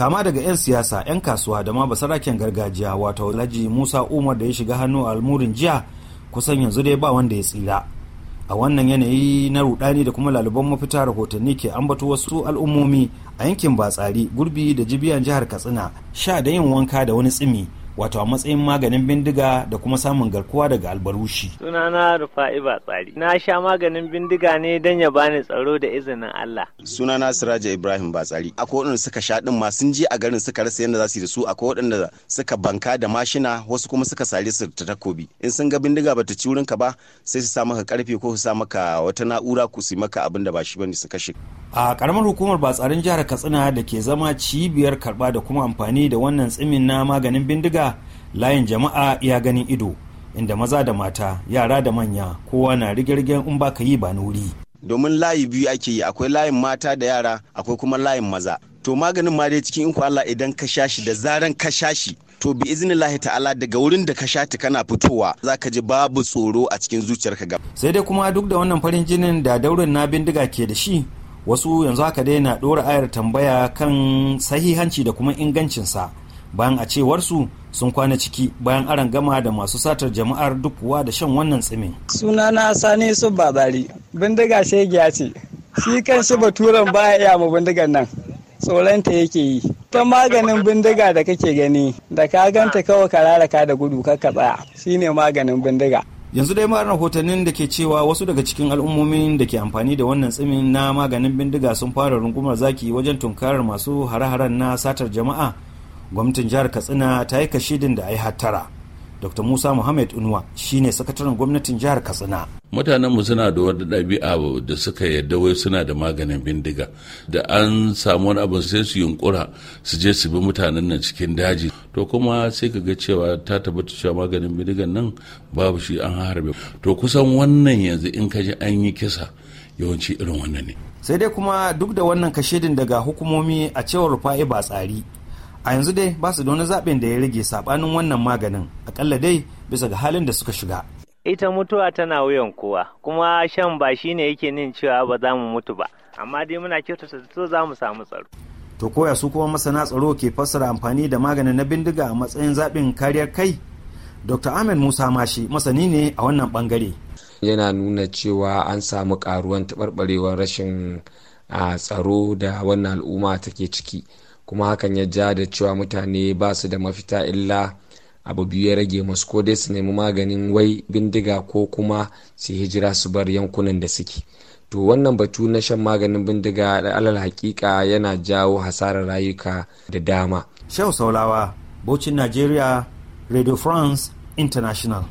kama daga 'yan siyasa 'yan kasuwa da ma basaraken gargajiya wato laji musa umar da ya shiga hannu a almurin jiya kusan yanzu dai ba wanda ya tsira a wannan yanayi na rudani da kuma laluban mafita rahotanni ke ambato wasu al'ummomi a yankin batsari gurbi da jibiyan jihar katsina sha da yin wanka da wani tsimi wato a matsayin maganin bindiga da kuma samun garkuwa daga albarushi. Sunana Rufa'i Batsari. Na sha maganin bindiga ne don ya bani tsaro da izinin Allah. Sunana Siraja Ibrahim Batsari. Akwai waɗanda suka sha ɗin ma sun je a garin suka rasa yadda za su yi da su akwai waɗanda suka banka da mashina wasu kuma suka sare su ta takobi. In sun ga bindiga bata ci wurinka ba sai su sa maka karfe ko su sa maka wata na'ura ku su maka abin da ba shi bane su kashe. a karamar hukumar batsarin jihar katsina da ke zama cibiyar karba da kuma amfani da wannan tsimin na maganin bindiga layin jama'a ya ganin ido inda maza da mata yara da manya kowa na rigirgen in baka yi ba wuri. domin layi biyu ake yi akwai layin mata da yara akwai kuma layin maza to maganin ma dai cikin inku Allah idan ka sha shi da zaran ka sha to bi iznillahi ta'ala daga wurin da ka sha kana fitowa zaka ji babu tsoro a cikin zuciyarka gaba sai dai kuma duk da wannan farin jinin da daurin na bindiga ke da shi wasu yanzu haka dai na ɗora ayar tambaya kan sahihanci da kuma ingancinsa bayan a cewarsu sun kwana ciki bayan aron gama da masu satar jama'ar duk kuwa da shan wannan tsimin. sunana sani su babari bindiga shegiya ce shi kan shi baturen baya iya ma bindigan nan tsoronta yake yi ta maganin bindiga da kake gani da ka ganta kawai ka raraka da gudu ka tsaya shine maganin bindiga yanzu dai ma rahotannin da ke cewa wasu daga cikin al'ummomin da ke amfani da wannan tsimin na maganin bindiga sun fara rungumar zaki wajen tunkarar masu hare-haren na satar jama'a gwamnatin jihar katsina ta yi kashidin da a yi hattara dr musa muhammad unuwa shine sakataren gwamnatin jihar katsina mutanenmu suna da wata ɗabi'a da suka yarda wai suna da maganin bindiga da an samu wani abu sai su yunkura su je su bi mutanen nan cikin daji to kuma sai ka ga cewa ta tabbata cewa maganin bindigan nan babu shi an harbe to kusan wannan yanzu in ka ji an yi kisa yawanci irin wannan ne sai dai kuma duk da wannan kashedin daga hukumomi a cewar fa'i ba tsari a yanzu dai ba su da wani zaɓin da ya rage saɓanin wannan maganin akalla dai bisa ga halin da suka shiga ita mutuwa tana wuyan kowa kuma shan ba shi ne yake nin cewa ba za mu mutu ba amma dai muna kyautata to za mu samu tsaro to koya su kuma masana tsaro ke fassara amfani da maganin na bindiga a matsayin zaɓin kariyar kai dr ahmed musa mashi masani ne a wannan bangare yana nuna cewa an samu karuwan taɓarɓarewar rashin a ah, tsaro da wannan al'umma take ciki kuma hakan ya ja da cewa mutane ba su da mafita illa abu biyu ya rage masu ko dai su nemi maganin wai bindiga ko kuma su hijira su bar yankunan da suke to wannan batu na shan maganin bindiga da alal hakika yana jawo hasarar rayuka da dama shehu saulawa bocin najeriya radio france international